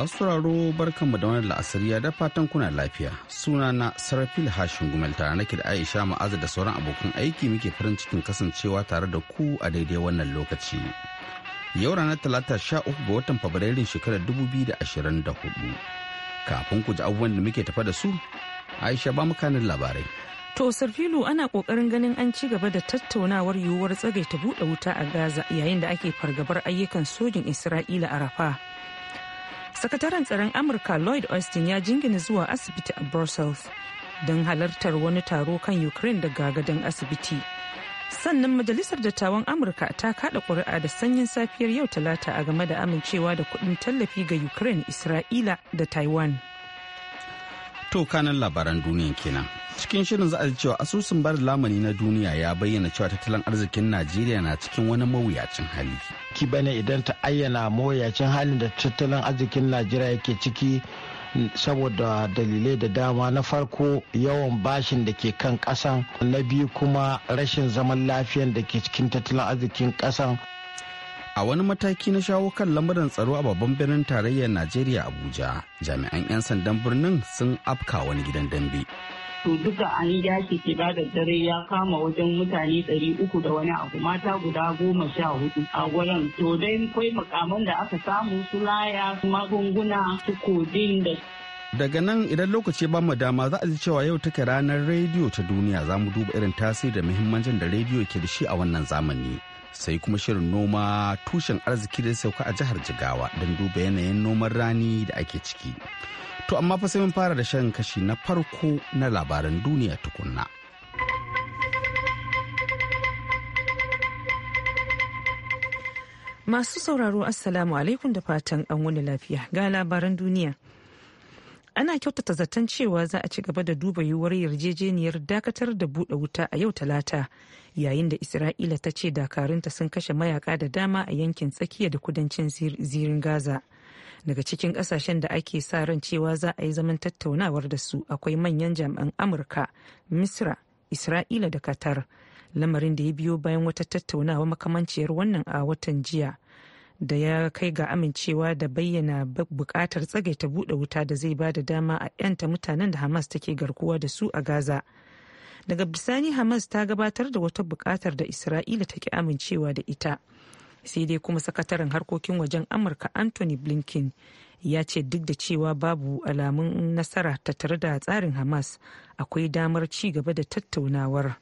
masu sauraro barkanmu da wani la'asariya da fatan kuna lafiya sunana sarafil hashin gumel tare nake da aisha ma'aza da sauran abokan aiki muke farin cikin kasancewa tare da ku a daidai wannan lokaci yau ranar talata sha uku ga watan fabrairun shekarar dubu biyu da ashirin da hudu kafin ku ji abubuwan da muke tafa da su aisha ba kanin labarai To Sarfilu ana kokarin ganin an ci gaba da tattaunawar yiwuwar tsagaita buɗe wuta a Gaza yayin da ake fargabar ayyukan sojin Isra'ila a rafah sakataren tsaron amurka lloyd austin ya jingina zuwa asibiti a brussels don halartar wani taro kan ukraine da gagadan asibiti sannan majalisar dattawan amurka ta kada kuri'a da sanyin safiyar yau talata a game da amincewa da kudin tallafi ga ukraine isra'ila da taiwan to kanan labaran duniya kenan cikin shirin za a cewa asusun bar lamani na duniya ya bayyana cewa tattalin arzikin najeriya na cikin wani mawuyacin hali ki bane idan ta ayyana mawuyacin halin da tattalin arzikin najeriya yake ciki saboda dalilai da dama na farko yawan bashin da ke kan kasan na biyu kuma rashin zaman lafiyan da ke cikin tattalin arzikin kasan a wani mataki na shawo kan lamarin tsaro a babban birnin tarayyar najeriya abuja jami'an 'yan sandan birnin sun afka wani gidan dambe to duka an yaki shiga da dare ya kama wajen mutane ɗari uku da wani abu mata guda goma sha hudu a wurin to dai kwai makaman da aka samu su laya su magunguna su kodin da daga nan idan lokaci ba mu dama za a ji cewa yau take ranar rediyo ta duniya za mu duba irin tasiri da muhimmancin da rediyo ke da shi a wannan zamani sai kuma shirin noma tushen arziki da sauka a jihar jigawa don duba yanayin noman rani da ake ciki To amma fa sai mun fara da shan kashi na farko na labaran duniya tukunna. Masu sauraro Assalamu alaikum da fatan an wani lafiya ga labaran duniya. Ana kyautata zaton cewa za a ci gaba da duba yiwuwar yarjejeniyar dakatar da buɗe wuta a yau talata yayin da Isra'ila ta ce dakarunta sun kashe mayaka da dama a yankin tsakiya da kudancin zirin Gaza. daga cikin kasashen da ake sa ran cewa za a yi zaman tattaunawar da su akwai manyan jami'an amurka misra isra'ila da qatar lamarin da ya biyo bayan wata tattaunawa makamanciyar wannan a watan jiya da ya kai ga amincewa da bayyana bukatar tsagaita buɗe wuta da zai ba da dama a 'yanta mutanen da hamas take garkuwa da su a gaza daga bisani hamas ta gabatar da wata bukatar da isra'ila take amincewa da ita sai dai kuma sakataren harkokin wajen amurka anthony blinken ya ce duk da cewa babu alamun nasara tattare da tsarin hamas akwai damar ci gaba da tattaunawar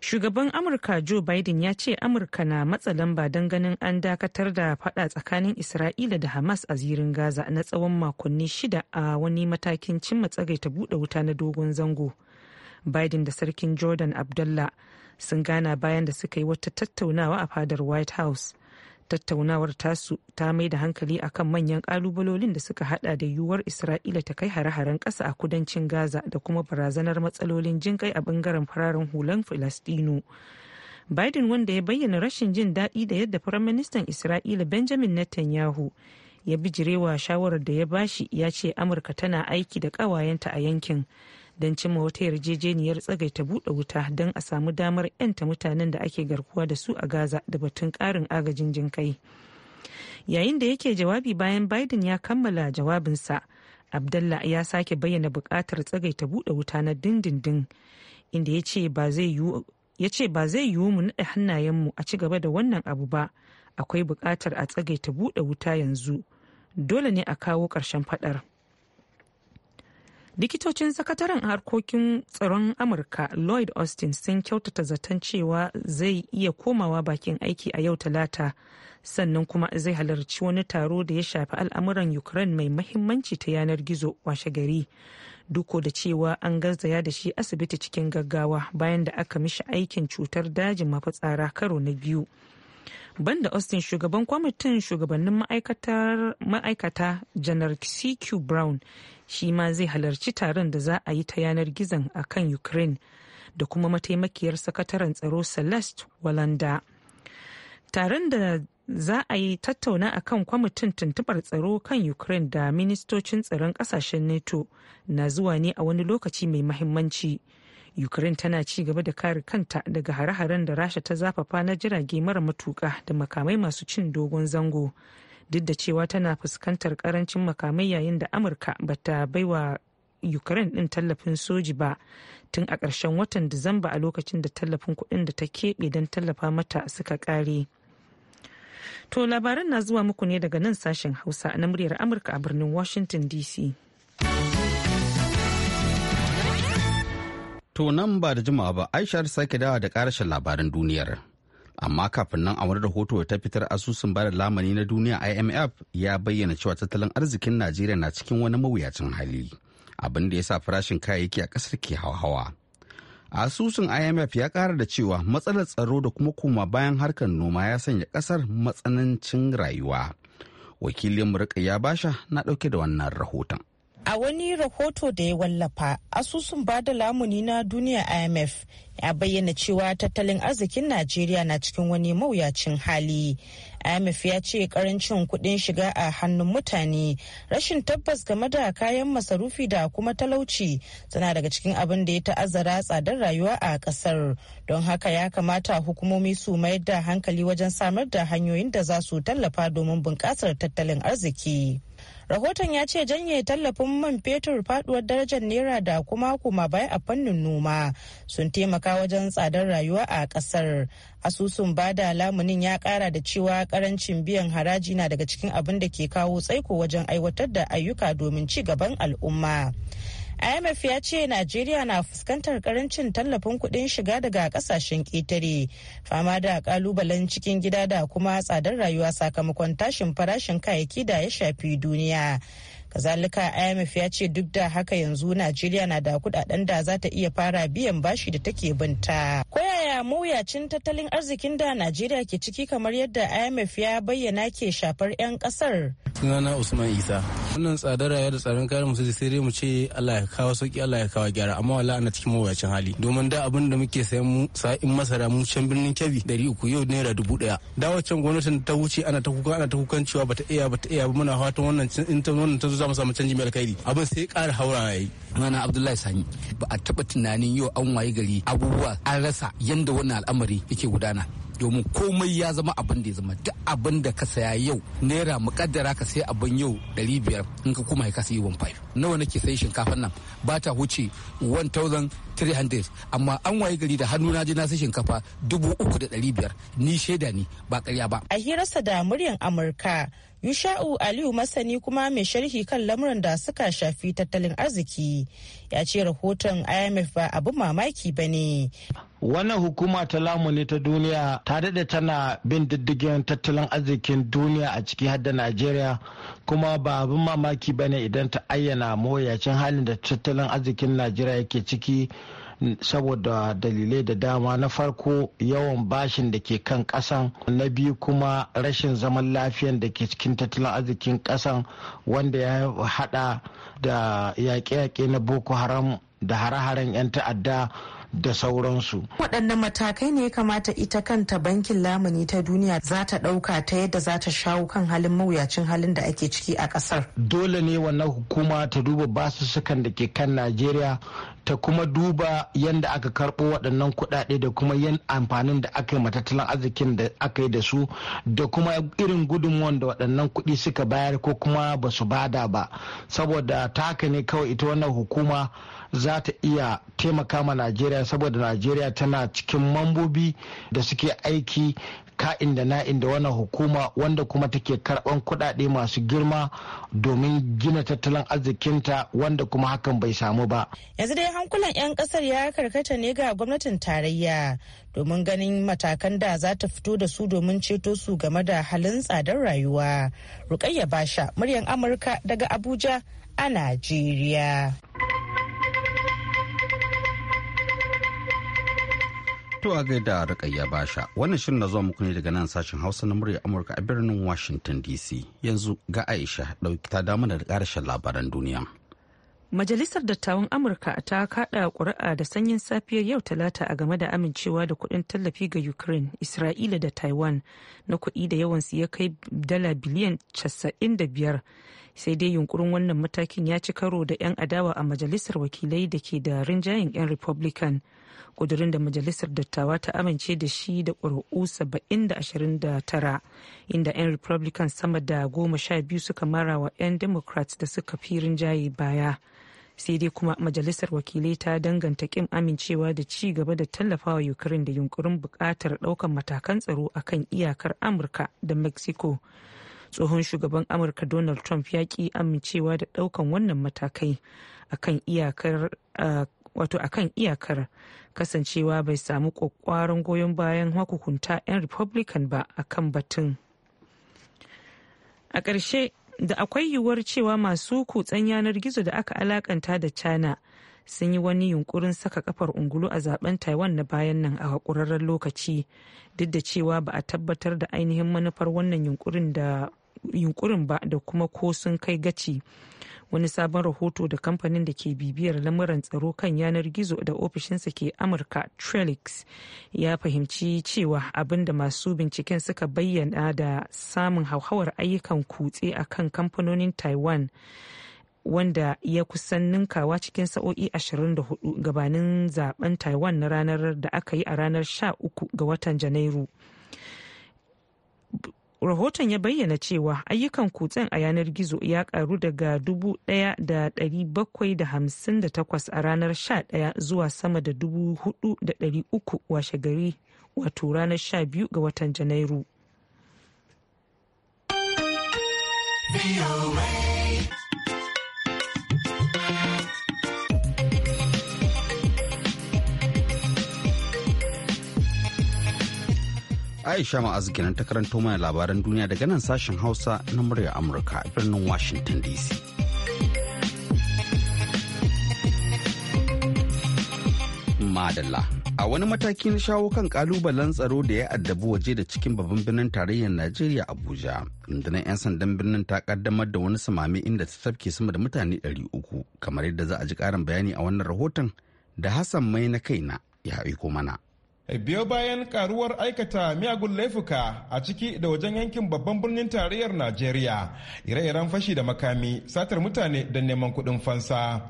shugaban amurka joe biden ya ce amurka na matsa lamba don ganin an dakatar da fada tsakanin isra'ila da hamas a zirin gaza na tsawon makonni shida a wani matakin cimma tsagaita buɗe wuta na dogon zango biden da sarkin jordan abdullah sun gana bayan da suka yi wata tattaunawa a fadar white house tattaunawar tasu ta mai da hankali akan manyan kalubalolin da suka hada da yiwuwar isra'ila ta kai hare-haren kasa a kudancin gaza da kuma barazanar matsalolin kai a bangaren fararen hulan filastino. biden wanda ya bayyana rashin jin daɗi da yadda firaministan isra'ila benjamin netanyahu ya bijirewa shawarar da ya bashi ya ce amurka tana aiki da ƙawayenta a yankin don cimma wata yarjejeniyar tsagaita buɗe wuta don a samu damar 'yanta mutanen da ake garkuwa da su a gaza da batun ƙarin agajin jin kai yayin da yake jawabi bayan biden ya kammala jawabinsa abdallah ya sake bayyana buƙatar tsagaita buɗe wuta na dindindin inda ya ce ba zai yiwu mu naɗa hannayenmu a ci gaba da wannan abu ba akwai buƙatar a tsagaita buɗe wuta yanzu dole ne a kawo ƙarshen faɗar. likitocin sakataren harkokin tsaron amurka lloyd austin sun kyautata zaton cewa zai iya komawa bakin aiki a yau talata sannan kuma zai halarci wani taro da ya shafi al'amuran ukraine mai mahimmanci ta yanar gizo washe gari duko da cewa an garzaya da shi asibiti cikin gaggawa bayan da aka mishi aikin cutar dajin mafitsara karo na biyu banda austin shugaban kwamitin shugabannin ma'aikata janar cq brown shi ma zai halarci taron da za a yi ta yanar gizon a kan ukraine da kuma mataimakiyar sakataren tsaro celeste walanda taron da za a yi tattauna a kan kwamitin tuntubar tsaro kan ukraine da ministocin tsaron kasashen nato na zuwa ne a wani lokaci mai mahimmanci. ukraine tana ci gaba da kare kanta daga hare-haren da rasha ta zafafa na jirage mara matuka da makamai masu cin dogon zango duk da cewa tana fuskantar karancin makamai yayin da amurka bata baiwa ukraine din tallafin soji ba tun a ƙarshen watan disamba a lokacin da tallafin kuɗin da ta keɓe don tallafa mata suka ƙare to labaran na zuwa muku ne daga nan sashen hausa na muryar amurka a birnin washington dc To nan ba da jimawa ba Aisha sake dawa da karashin labarin duniyar. Amma kafin nan a wani rahoto ta fitar asusun bada lamani na duniya IMF ya bayyana cewa tattalin arzikin Najeriya na cikin wani mawuyacin hali. Abin da ya sa farashin kayayyaki a ƙasar ke hawa Asusun IMF ya ƙara da cewa matsalar tsaro da kuma koma bayan harkar noma ya sanya ƙasar matsanancin rayuwa. Wakilin Murka ya basha na ɗauke da wannan rahoton. A wani rahoto da ya wallafa, asusun ba da lamuni na duniya IMF ya bayyana cewa tattalin arzikin Najeriya na cikin wani mawuyacin hali. IMF ya ce karancin kuɗin shiga a hannun mutane, rashin tabbas game da kayan masarufi da kuma talauci suna daga cikin abin da ya ta'azzara tsadar rayuwa a ƙasar. Don haka ya kamata hukumomi su mayar da hankali wajen samar da hanyoyin da za su tallafa domin bunƙasar tattalin arziki. rahoton ya ce janye tallafin man fetur faduwar darajar naira da kuma kuma bai a fannin noma sun taimaka wajen tsadar rayuwa a kasar asusun bada lamunin ya kara da cewa karancin biyan haraji na daga cikin abin da ke kawo tsaiko wajen aiwatar da ayyuka domin ci gaban al'umma imf ya ce najeriya na fuskantar karancin tallafin kudin shiga daga kasashen ƙetare fama da kalubalen cikin gida da kuma tsadar rayuwa sakamakon tashin farashin kayayyaki da ya shafi duniya kazalika imf ya ce duk da haka yanzu najeriya na da kudaden da za ta iya fara biyan bashi da take binta ko yaya mawuyacin tattalin arzikin da najeriya ke ciki kamar yadda imf ya bayyana ke shafar 'yan kasar sunana usman isa wannan tsadar rayuwa da tsaron kayan musu sai dai mu ce allah ya kawo sauki allah ya kawo gyara amma wala ana cikin mawuyacin hali domin da abin da muke sayan mu sa'in masara mu can birnin kebbi dari uku yau naira dubu daya dawacin gwamnatin ta wuce ana ta kuka ana ta kukan cewa bata iya bata iya muna fatan wannan in ta wannan ta zo za mu samu canji mai alkhairi abin sai ƙara haura yayi nana abdullahi sani ba a taɓa tunanin yau an waye gari abubuwa an rasa yadda wannan al'amari yake gudana domin komai ya zama abin da ya zama duk abin da ka saya yau naira mukaddara ka sai abin yau ɗari biyar in ka kuma ka sayi five nawa nake sayi shinkafar nan ba ta huce hundred amma an waye gari da hannu na je na sai shinkafa dubu uku da ɗari biyar ni shaida ne ba karya ba a hirarsa da muryar amurka Yusha'u Aliyu masani kuma mai sharhi kan lamuran da suka shafi tattalin arziki ya ce rahoton IMF ba abin mamaki ba ne. wannan hukuma ta lamuni ta duniya ta daɗe tana bin diddigin tattalin arzikin duniya a ciki hadda najeriya kuma ba abin mamaki ba ne idan ta ayyana mawuyacin halin da tattalin arzikin najeriya yake ciki saboda dalilai da dama na farko yawan bashin da ke kan kasan na biyu kuma rashin zaman lafiyan da ke cikin tattalin arzikin kasan wanda ya hada da yaƙe-yaƙe na boko haram da hare-haren 'yan ta'adda da sauransu. waɗannan matakai ne ya kamata ita kanta bankin lamuni ta duniya za ta ɗauka ta yadda za ta shawo kan halin mawuyacin halin da ake ciki a ƙasar. Dole ne wannan hukuma ta duba basussukan da ke kan Najeriya ta kuma duba yadda aka karɓo waɗannan kuɗaɗe da kuma yan amfanin da aka yi matattalin arzikin da aka yi da su da kuma irin gudunmuwan da waɗannan kuɗi suka bayar ko kuma ba su bada ba saboda ta haka ne kawai ita wannan hukuma za ta iya taimaka ma najeriya saboda najeriya tana cikin mambobi da suke aiki ka'in da na'in da wannan hukuma wanda kuma take karban kuɗaɗe masu girma domin gina tattalin arzikinta wanda kuma hakan bai samu ba. Yanzu dai hankulan 'yan ƙasar ya karkata ne ga gwamnatin tarayya domin ganin matakan da za ta fito da su domin ceto su game da halin tsadar rayuwa. Rukayya Basha, muryan Amurka daga Abuja a Najeriya. To a gaida Rukayya Basha, wannan shirin na zuwa muku ne daga nan sashen Hausa na murya Amurka a birnin Washington DC. Yanzu ga Aisha ɗauki ta damu da ƙarashin labaran duniya. Majalisar Dattawan Amurka ta kaɗa ƙuri'a da sanyin safiyar yau Talata a game da amincewa da kuɗin tallafi ga Ukraine, Isra'ila da Taiwan na kuɗi da yawansu ya kai dala biliyan 95 sai dai yunkurin wannan matakin ya ci karo da 'yan adawa a majalisar wakilai da ke da rinjayen 'yan republican kudurin da majalisar dattawa ta amince da shi da ƙuri'u 729 inda 'yan republican sama da goma sha biyu suka mara wa 'yan democrats da suka fi rinjaye baya sai dai kuma majalisar wakilai ta danganta kin amincewa da ci gaba da tallafawa ukraine da yunkurin buƙatar ɗaukar matakan tsaro akan iyakar amurka da mexico tsohon shugaban amurka donald trump ya ki amincewa da daukan wannan matakai a kan wato iyakar kasancewa bai samu kwakwaron goyon bayan hukunta 'yan republican ba a kan batun a ƙarshe da akwai yiwuwar cewa masu kutsen yanar gizo da aka alakanta da china sun yi wani yunkurin saka kafar ungulu a zaben taiwan na bayan nan a hakurarren lokaci duk da cewa ba a tabbatar da ainihin manufar wannan yunkurin da yunkurin ba da kuma ko sun kai gaci wani sabon rahoto da kamfanin da ke bibiyar lamuran tsaro kan yanar gizo da ofishinsa ke amurka trelix ya fahimci cewa abin da masu binciken suka bayyana da samun hauhawar ayyukan kutse a kan kamfanonin taiwan wanda ya kusan ninkawa cikin sa'o'i 24 gabanin zaben taiwan na ranar da aka yi a ranar 13 ga watan janairu rahoton ya bayyana cewa ayyukan kutsen a yanar gizo ya karu daga 1,758 a ranar 11 zuwa sama da 4,300 washe gari wato ranar 12 ga watan janairu. Aisha Ma'azu kenan ta karanto mana labaran duniya daga nan sashen Hausa na murya Amurka a birnin Washington DC. Madalla. A wani mataki na shawo kan kalubalen tsaro da ya addabi waje da cikin babban birnin tarayyar Najeriya Abuja. Rundunar 'yan sandan birnin ta kaddamar da wani samami inda ta tafke sama da mutane 300 kamar yadda za a ji karin bayani a wannan rahoton da Hassan mai na kaina ya aiko mana. Eh, biyo bayan karuwar aikata miyagun laifuka a ciki da wajen yankin babban birnin tarayyar najeriya ire-iren fashi da makami satar mutane don neman kuɗin fansa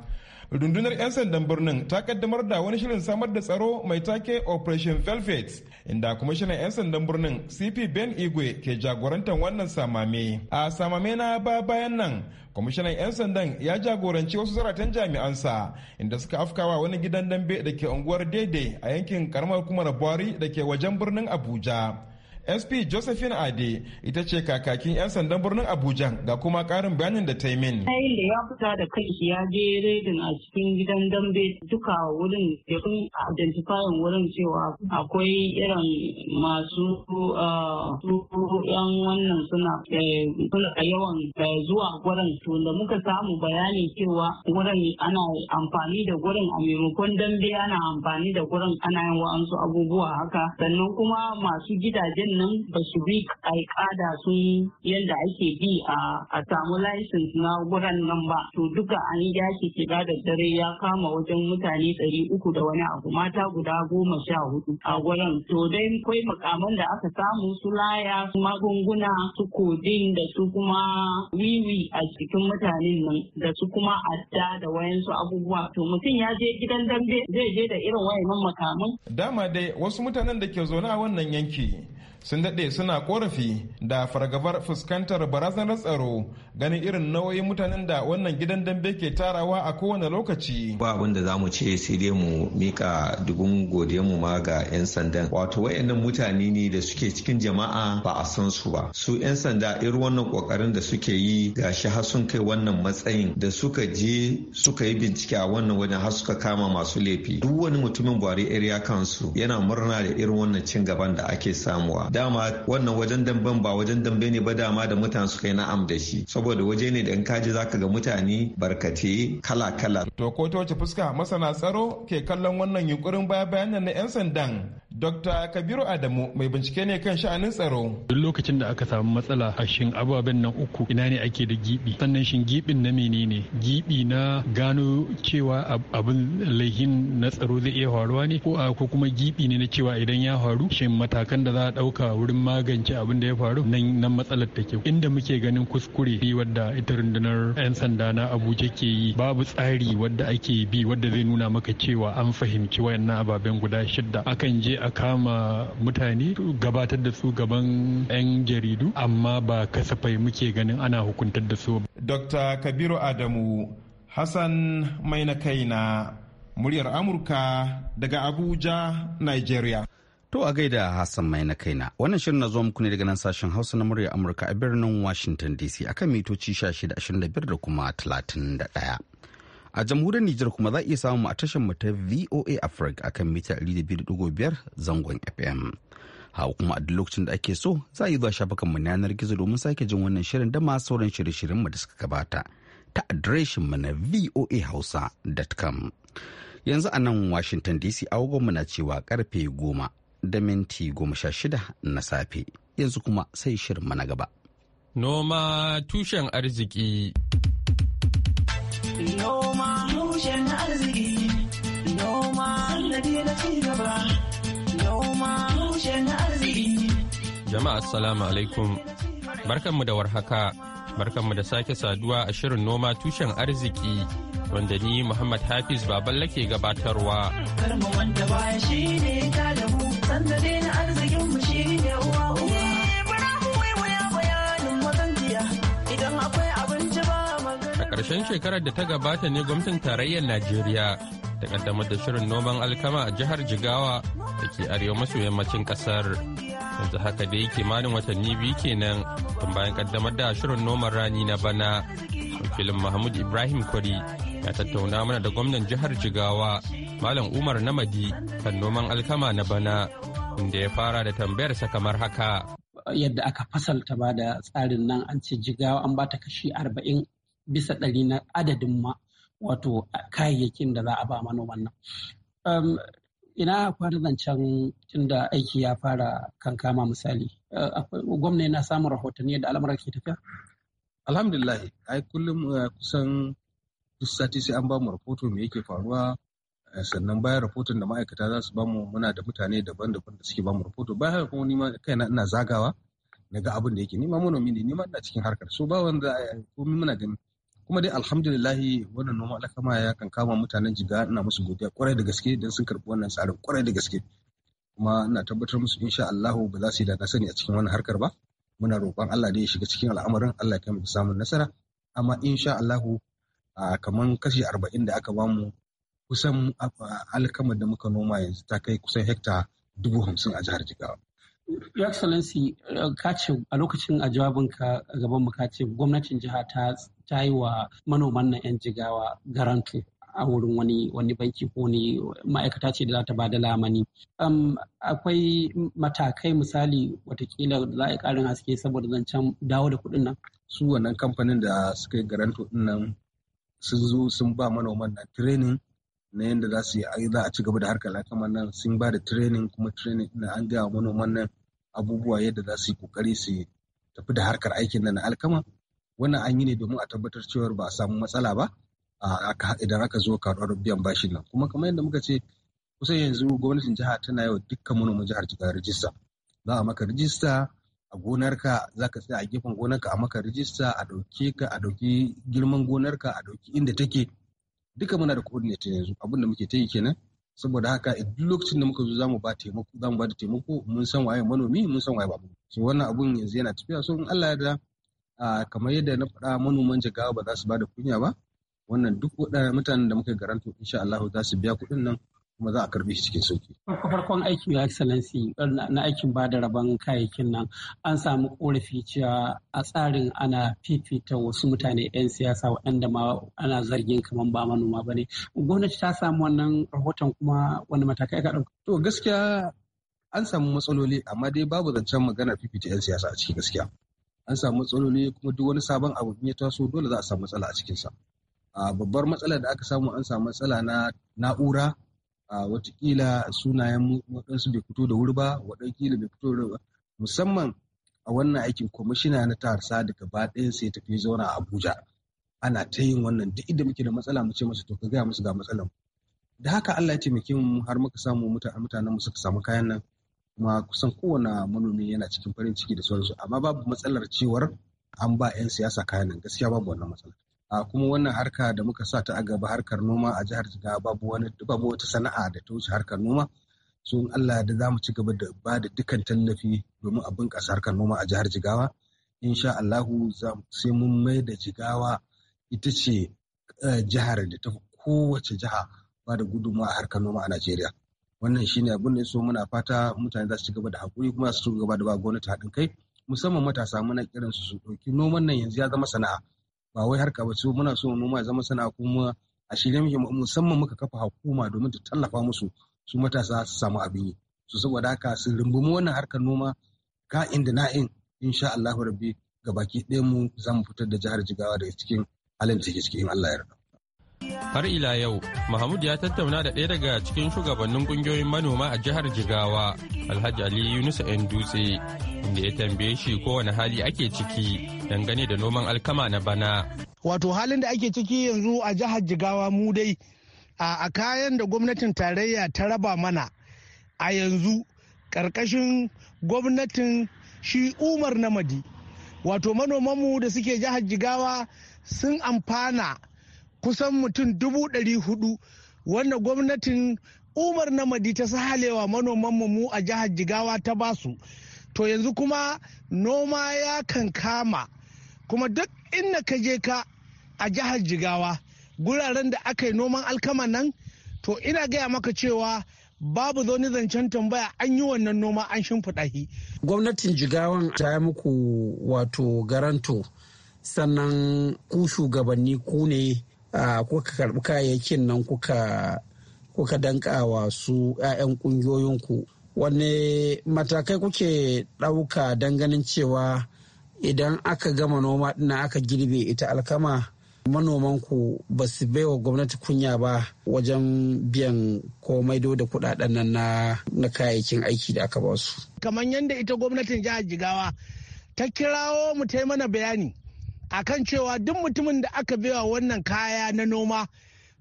rundunar 'yan sandan birnin ta kaddamar da wani shirin samar da tsaro mai take operation velvet inda kwamishinan 'yan sandan birnin cp ben igwe ke jagorantar wannan samame a samame na ba bayan nan kwamishinan 'yan sandan ya jagoranci wasu zaratan jami'ansa inda suka afkawa wani gidan dambe da ke unguwar daidai a yankin karamar hukumar buhari da ke wajen birnin abuja sp josephine ade ita ce kakakin 'yan sandan birnin abuja ga kuma karin bayanin da ta yi da ya fita da kanshi ya je redin a cikin gidan dambe duka wurin da kun identifying wurin cewa akwai irin masu ah, yan wannan suna eh, yawan eh, zuwa wurin to da muka samu bayani cewa wurin ana amfani da wurin a maimakon dambe ana amfani da wurin ana yin wa'ansu abubuwa haka sannan kuma masu gidajen nan ba su bi al'ada sun yadda ake bi a samu license na guran nan ba to duka an ya shi shiga da dare ya kama wajen mutane ɗari uku da wani abu mata guda goma sha hudu a gurin to dai kai makaman da aka samu su laya su magunguna su kodin da su kuma wiwi a cikin mutanen nan da su kuma adda da wayansu abubuwa to mutum ya je gidan dambe zai je da irin wayannan makaman dama dai wasu mutanen da ke zaune a wannan yanki sun daɗe suna korafi da fargabar fuskantar barazanar tsaro ganin irin nauyin mutanen da wannan gidan dambe ke tarawa a kowane lokaci. Ba abin da zamu ce sai dai mu mika dubun gode ma ga 'yan sandan. Wato wayannan mutane ne da suke cikin jama'a ba a san su ba. Su 'yan sanda irin wannan kokarin da suke yi ga shi har sun kai wannan matsayin da suka je suka yi bincike a wannan wajen har suka kama masu laifi. Duk wani mutumin Buhari area kansu yana murna da irin wannan cin gaban da ake samuwa. dama wannan wajen damben ba wajen dambe ne ba dama da mutane suka yi na'am da shi saboda waje ne da in kaji zaka ga mutane barkate kala-kala. To ko ta wace fuska masana tsaro ke kallon wannan yunkurin baya bayanan na 'yan sandan Dr. Kabiru Adamu mai bincike ne kan sha'anin tsaro. Duk lokacin da aka samu matsala a shin ababen nan uku ina ne ake da gibi sannan shin gibin na menene gibi na gano cewa abin laihin na tsaro zai iya faruwa ne ko a ko kuma gibi ne na cewa idan ya faru shin matakan da za a ɗauka ɗauka wurin magance abin da ya faru nan nan matsalar take inda muke ganin kuskure bi wadda ita rundunar 'yan sanda na abuja ke yi babu tsari wadda ake bi wadda zai nuna maka cewa an fahimci wayannan ababen guda shidda akan je a kama mutane gabatar da su gaban 'yan jaridu amma ba kasafai muke ganin ana hukuntar da su dr kabiru adamu hassan mai na kaina muryar amurka daga abuja nigeria To a gaida Hassan mai na kaina. Wannan shirin na zo muku ne daga nan sashen Hausa na murya Amurka a birnin Washington DC akan mitoci 1625 da kuma 31. A jamhuriyar Nijar kuma za a iya samu a tashar mu ta VOA Africa akan mita 200.5 zangon FM. Hawa kuma a duk lokacin da ake so za a yi zuwa shafukan mu na yanar gizo domin sake jin wannan shirin da ma sauran shirye-shiryen mu da suka gabata ta adireshin mu na voahausa.com. Yanzu a nan Washington DC a mu na cewa karfe goma da minti goma sha shida na safe yanzu kuma sai shirin mana gaba. Noma tushen arziki. Noma tushen arziki. Noma na ci gaba. Noma tushen arziki. Jama'a assalamu alaikum. Barkanmu da warhaka. Barkanmu da sake saduwa a shirin noma tushen arziki wanda ni Muhammad Hafiz babal ke gabatarwa. Karma wanda baya shi ne ka da mu a ƙarshen shekarar da ta gabata ne gwamnatin tarayyar najeriya ta kaddamar da shirin noman alkama a jihar jigawa da ke arewa maso yammacin ƙasar yanzu haka dai kimanin watanni biyu kenan tun bayan kaddamar da shirin noman rani na bana wakilin mahmud ibrahim kwari ya tattauna mana da gwamnan jihar Jigawa Malam Umar Namadi kan noman alkama na bana inda ya fara da tambayarsa kamar haka. Yadda aka fasalta ba da tsarin nan an ce Jigawa an bata kashi arba'in bisa ɗari na adadin ma wato kayayyakin da za a ba manoman nan. Um, ina kwana zancen tunda aiki ya fara kankama misali uh, gwamna yana samun rahotanni da al'amuran ke tafiya alhamdulillah ai kullum uh, kusan duk sati sai an bamu rahoto me yake faruwa eh, sannan bayan rahoton da ma'aikata za su bamu muna da mutane daban-daban da suke bamu rahoto bayan haka kuma nima kaina ina zagawa na ga abin da yake nima manomi ne nima ina cikin harkar so ba wanda eh, komai muna gani kuma dai alhamdulillahi wannan noma alkama ya kan kama mutanen jiga ina musu godiya kwarai da gaske don sun karɓi wannan tsarin kwarai da gaske kuma ina tabbatar musu insha Allahu ba za su yi da na sani a cikin wannan harkar ba muna roƙon Allah da ya shiga cikin al'amarin Allah ya kai mu samun nasara amma insha Allahu A kamar kashi arba'in da aka bamu kusan alkama da muka noma yanzu ta kai kusan hekta dubu hamsin a jihar jigawa. Your Excellency, uh, ka ce a lokacin a ka gaban mu ka gwamnatin jiha ta yi wa manoman nan 'yan jigawa garantu a wurin wani wani banki ko ne ma'aikata ce da za ta da lamani. Um, akwai matakai misali watakila za a karin haske saboda zancen dawo da kuɗin nan. Su wannan kamfanin da suka yi garanto ɗin nan sun zo sun ba manoman nan training na yadda za su yi a ci gaba da harkar alkaman nan sun ba da training kuma training na an gaya manoman nan abubuwa yadda za su yi kokari su tafi da harkar aikin nan na alkama wannan an yi ne domin a tabbatar cewa ba a samu matsala ba idan aka zo karuwar biyan bashin nan kuma kamar yadda muka ce kusan yanzu gwamnatin jiha tana yau dukkan manoman jihar rajista za a maka rajista a gonarka za ka tsaya a gefen gonarka a maka rijista a ɗauke ka a ɗauki girman gonarka a ɗauki inda take duka muna da coordinator yanzu abin da muke ta yi kenan saboda haka duk lokacin da muka zo mu ba taimako mu ba da taimako mun san waye manomi mun san waye babu so wannan abun yanzu yana tafiya so in Allah ya da kamar yadda na faɗa manoman jagawa ba za su ba da kunya ba wannan duk waɗannan mutanen da muka garanto insha Allah za su biya kuɗin nan kuma za a karbi shi cikin sauki. Farko farkon aiki ya excellency na aikin ba da rabon kayayyakin nan an samu korafi cewa a tsarin ana fifita wasu mutane 'yan siyasa waɗanda ma ana zargin kamar ba manoma ba ne. Gwamnati ta samu wannan rahoton kuma wani matakai ka ɗauka. To gaskiya an samu matsaloli amma dai babu zancen magana fifita 'yan siyasa a cikin gaskiya. An samu matsaloli kuma duk wani sabon abu in ya taso dole za a samu matsala a cikinsa. Ah, babbar matsalar da aka samu an samu matsala na na'ura a watakila sunayen waɗansu bai fito da wuri ba waɗankila bai fito da ba musamman a wannan aikin kwamishina na tarsa da gaba ɗaya sai tafi zauna a abuja ana ta yin wannan duk inda muke da matsala mu ce masa to ka gaya musu ga matsalan da haka Allah ya taimake mu har muka samu mutanen mu suka samu kayan nan kuma kusan kowane manomi yana cikin farin ciki da sauransu amma babu matsalar cewar an ba 'yan siyasa kayan nan gaskiya babu wannan matsalar a kuma wannan harka da muka sa ta a gaba harkar noma a jihar jigawa babu wani babu wata sana'a da ta wuce harkar noma sun Allah da za mu ci gaba da ba da dukkan tallafi domin a bunƙasa harkar noma a jihar jigawa insha Allahu sai mun mai da jigawa ita ce eh, jihar da ta kowace jiha ba da gudunmawa a harkar noma a Najeriya. Wannan shine abin da so muna fata mutane za su ci gaba da hakuri kuma su ci gaba da ba gwamnati haɗin kai musamman matasa muna kiran su su ɗauki noman nan yanzu ya zama sana'a ba wai harka ba su muna so noma ya zama sana'a kuma a shirye muke musamman muka kafa hukuma domin ta tallafa musu su matasa su samu abin yi su saboda haka su rumbumi wannan harkar noma ka'in da na'in insha Allah rabbi baki ɗaya mu za mu fitar da jihar Jigawa daga cikin halin take cikin Allah ya yarda. Har ila yau, Mahmud ya tattauna da ɗaya daga cikin shugabannin kungiyoyin manoma a jihar Jigawa, Alhaji Ali Yunus Dutse, inda ya tambaye shi kowane hali ake ciki dangane da noman alkama na bana. Wato halin da ake ciki yanzu a jihar Jigawa mu dai a kayan da gwamnatin tarayya ta raba mana a yanzu karkashin gwamnatin shi Umar Namadi. Wato manomanmu da suke jihar Jigawa sun amfana kusan mutum dubu dari hudu wanda gwamnatin umar namadi ta sahalewa manoman mu a jihar jigawa ta basu to yanzu kuma noma ya kan kama kuma duk inda ka je ka a jihar jigawa guraren da aka yi noman alkama nan to ina gaya maka cewa babu zaune zancen tambaya an yi wannan noma an shimfiɗa shi. gwamnatin jigawan ta yi muku wato garanto sannan ku shugabanni ku ne kuka karɓi kayayyakin nan kuka danka wa su 'ya'yan ƙungiyoyinku wanne matakai kuke ɗauka don ganin cewa idan aka gama noma ɗina aka girbe ita alkama manomanku ba su baiwa gwamnati kunya ba wajen biyan komai maido da kudaden nan na kayayyakin aiki da aka ba su. Kamar yadda ita gwamnatin jihar Jigawa ta kirawo mu ta mana bayani akan cewa duk mutumin da aka baiwa wannan kaya na noma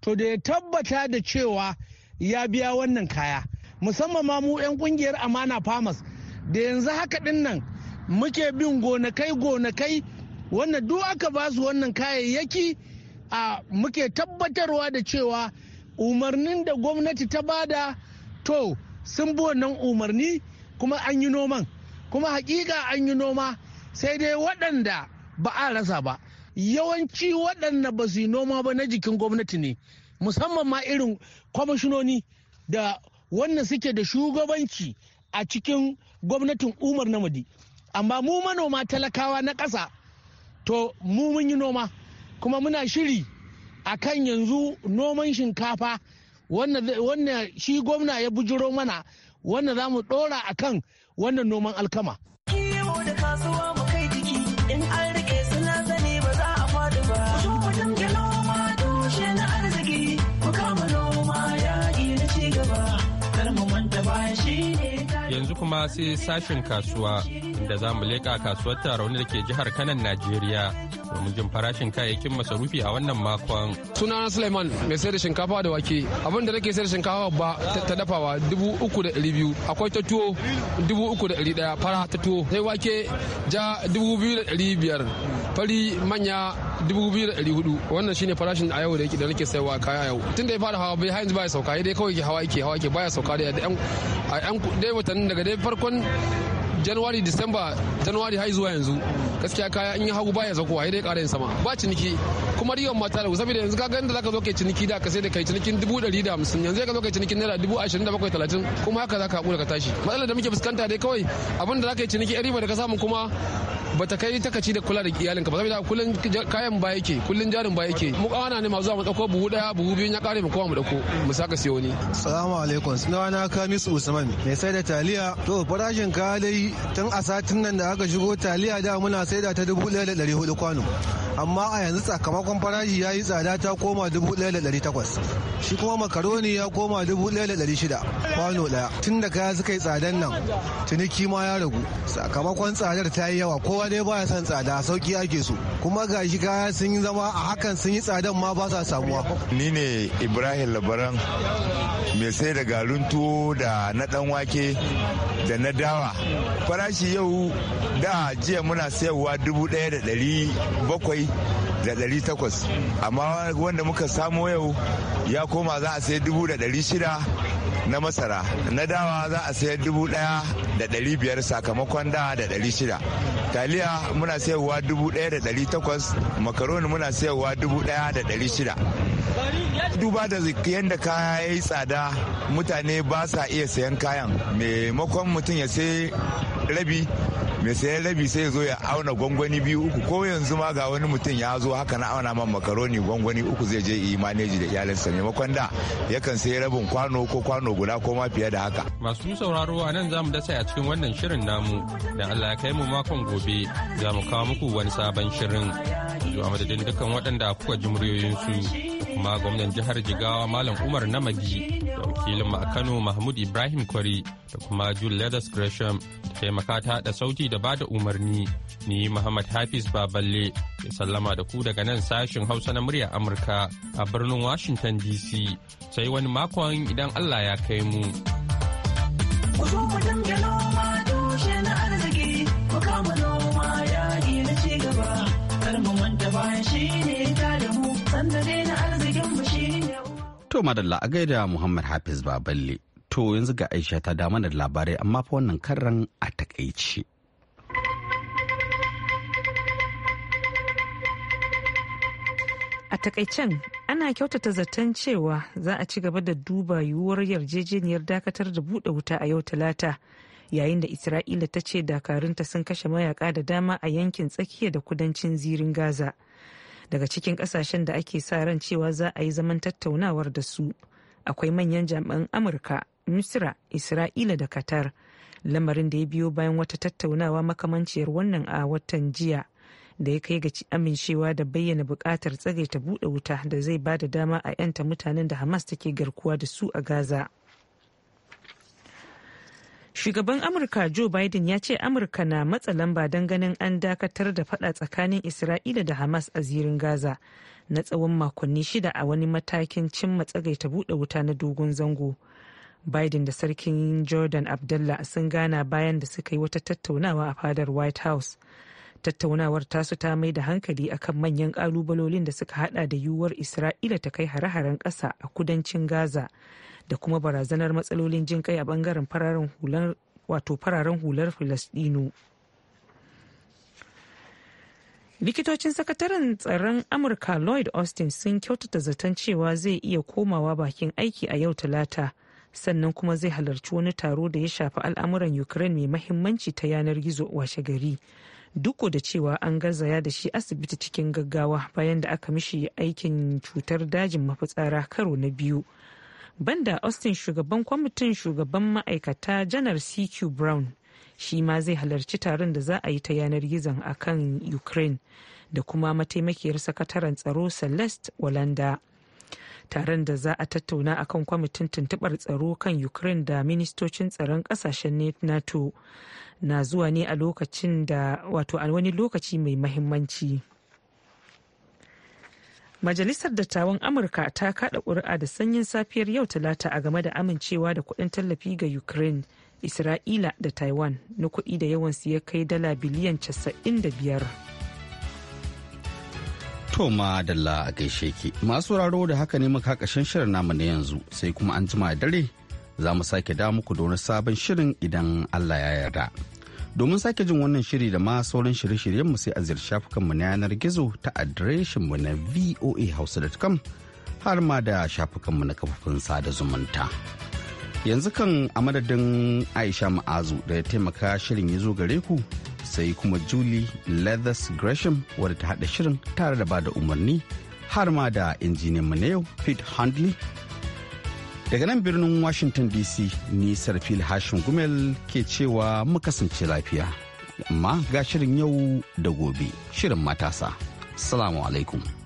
to da ya tabbata da cewa ya biya wannan kaya. musamman ma mu 'yan kungiyar amana farmers da yanzu haka din nan muke bin gonakai gonakai wannan duk aka ba su wannan kayayyaki a muke tabbatarwa da cewa umarnin da gwamnati ta bada to sun bi wannan umarni kuma an yi noman kuma hakika an yi noma sai dai waɗanda ba a rasa ba yawanci waɗanda ba su yi noma ba na jikin gwamnati ne musamman ma irin kwamishinoni da wanda suke da shugabanci a cikin gwamnatin umar namadi amma mu manoma talakawa na ƙasa to mu mun yi noma kuma muna shiri a kan yanzu noman shinkafa wannan shi gwamna ya bujiro mana wannan za mu ɗora a kan wannan noman alkama. kuma sai sashen kasuwa inda za mu leƙa kasuwar tarauni da ke jihar kanan najeriya domin jin farashin kayayyakin masarufi a wannan makon sunana suleiman mai sayar da shinkafa da wake abinda da nake sayar da shinkafa ba ta dafawa dubu uku da ɗari biyu akwai ta tuwo dubu uku da ɗari ɗaya fara ta tuwo sai wake ja dubu biyu da ɗari biyar fari manya 2400 wannan shine farashin a yau da yake da nake saiwa kaya yau tun da ya fara hawa bai har yanzu baya sauka dai kawai hawa yake hawa yake baya sauka da yan a yan dai watannin daga dai farkon januwari disamba januwari har zuwa yanzu gaskiya kaya in ya hagu baya zakuwa dai kara yin sama ba ciniki kuma riyon mata da saboda yanzu ka ganin da zaka zo kai ciniki da ka sai da kai cinikin dubu ɗari da hamsin yanzu ka zo kai cinikin naira dubu ashirin da bakwai talatin kuma haka za ka haƙura ka tashi matsalar da muke fuskanta dai kawai abin da za ka yi ciniki yan riba da ka samu kuma ba ta kai takaci da kula da iyalinka ba saboda kullun kayan ba yake kullun jarin ba yake mu kawana ne ma zuwa mu dauko buhu daya buhu biyu ya kare mu kowa mu dauko mu saka siyo ni assalamu alaikum na kamis Usman mai sai da taliya to farashin ka dai tun a satin nan da aka shigo taliya da muna sai da ta dubu ɗaya da ɗari hudu kwano amma a yanzu sakamakon farashi ya yi tsada ta koma dubu ɗaya da ɗari takwas shi kuma makaroni ya koma dubu ɗaya da ɗari shida kwano ɗaya tun da kaya suka yi tsadan nan tuniki ma ya ragu sakamakon tsadar ta yi yawa kowa kowa dai baya son tsada sauki ake so kuma gashi kaya sun yi zama a hakan sun yi tsadan ma ba sa samuwa ni ne ibrahim labaran mai sai da garin tuwo da na dan wake da na dawa farashi yau da jiya muna sayarwa dubu daya da dari bakwai da dari takwas amma wanda muka samo yau ya koma za a sai dubu da dari shida na masara na dawa za a sayar dubu daya da dari biyar sakamakon da da dari shida taliya muna sayarwa dubu daya da dari takwas makaroni muna sayarwa dubu daya da dari shida duba da yadda kaya ya yi tsada mutane ba sa iya sayan kayan maimakon mutum ya sai rabi mai sayan rabi sai ya zo ya auna gwangwani biyu uku ko yanzu ma ga wani mutum ya zo haka na auna man makaroni gwangwani uku zai je yi maneji da iyalinsa maimakon da yakan sai rabin kwano ko kwano guda ko ma fiye da haka. Masu sauraro a nan za mu dasa a cikin wannan shirin namu dan Allah ya kai mu makon gobe za mu kawo muku wani sabon shirin. Zuwa madadin dukkan waɗanda kuka ji muryoyinsu. kuma gwamnan jihar jigawa malam umar namadi da wakilinmu a kano mahmud ibrahim kwari da kuma jul leathers gresham da taimaka ta da sauti da bada umarni ni muhammad hafiz baballe ya sallama da ku daga nan sashin hausa na murya amurka a birnin washington dc sai wani makon idan allah ya kai mu. madalla a gaida Muhammad Hafiz Baballe. To yanzu ga Aisha ta da mana labarai amma fa wannan karran a takaice. A takaicen ana kyautata zaton cewa za a ci gaba da duba yiwuwar yarjejeniyar dakatar da buɗe wuta a yau talata yayin da Isra'ila ta ce dakarunta sun kashe mayaka da dama a yankin tsakiya da kudancin zirin Gaza. daga cikin kasashen da ake sa ran cewa za a yi zaman tattaunawar da su akwai manyan jami'an amurka misra isra'ila da qatar lamarin da ya biyo bayan wata tattaunawa makamanciyar wannan a watan jiya da ya kai ga amincewa da bayyana buƙatar tsagaita buɗe wuta da zai ba da dama a 'yanta mutanen da hamas take garkuwa da su a gaza Shugaban Amurka Joe Biden ya ce Amurka na matsa lamba don ganin an dakatar da fada tsakanin Isra'ila da Hamas a zirin Gaza na tsawon makonni shida a wani matakin cimma ta buɗe wuta na dogon zango. Biden da sarkin Jordan Abdullah sun gana bayan da suka yi wata tattaunawa a fadar White House. Tattaunawar tasu ta mai da hankali akan manyan kalubalolin da suka hada da yiwuwar Isra'ila ta kai hare-haren ƙasa a kudancin Gaza da kuma barazanar matsalolin jin kai a bangaren fararen hular wato fararen hular filistinu likitocin sakataren tsaron amurka lloyd austin sun kyautata zaton cewa zai iya komawa bakin aiki a yau talata sannan kuma zai halarci wani taro da ya shafi al'amuran ukraine mai mahimmanci ta yanar gizo washe gari duk da cewa an garzaya da shi asibiti cikin gaggawa bayan da aka mishi aikin cutar dajin mafitsara karo na biyu banda austin shugaban kwamitin shugaban ma'aikata janar cq brown shi ma zai halarci taron da za a yi ta yanar gizon a kan ukraine da kuma mataimakiyar sakataren tsaro celeste walanda taron da za a tattauna akan kwamitin tuntubar tsaro kan ukraine da ministocin tsaron kasashen nato na zuwa ne a lokacin da wato a wani lokaci mai mahimmanci. Majalisar Dattawan Amurka ta kada ƙuri'a da sanyin safiyar yau Talata a game da amincewa da kuɗin tallafi ga Ukraine, Isra'ila da Taiwan na kuɗi da yawansu ya kai dala biliyan 95. To madalla a gaishe ki masu raro da haka ne muka ƙarshen shirin namu na yanzu sai kuma an jima dare za mu sake da muku da sabon shirin idan Allah ya yarda. Domin sake jin wannan shiri da ma sauran shirye-shiryenmu sai a ziyarci shafukanmu na yanar gizo ta mu na voahouse.com har ma da shafukanmu na kafofin sada zumunta. yanzu kan a madadin aisha ma'azu da ya taimaka shirin ya zo gare ku sai kuma julie leathers gresham wadda ta haɗa shirin tare da bada umarni har ma da injiniyan mu na yau pete handley daga nan birnin washington dc ni sarfil Hashim gumel ke cewa mu kasance lafiya amma ga shirin yau da gobe shirin matasa salamu alaikum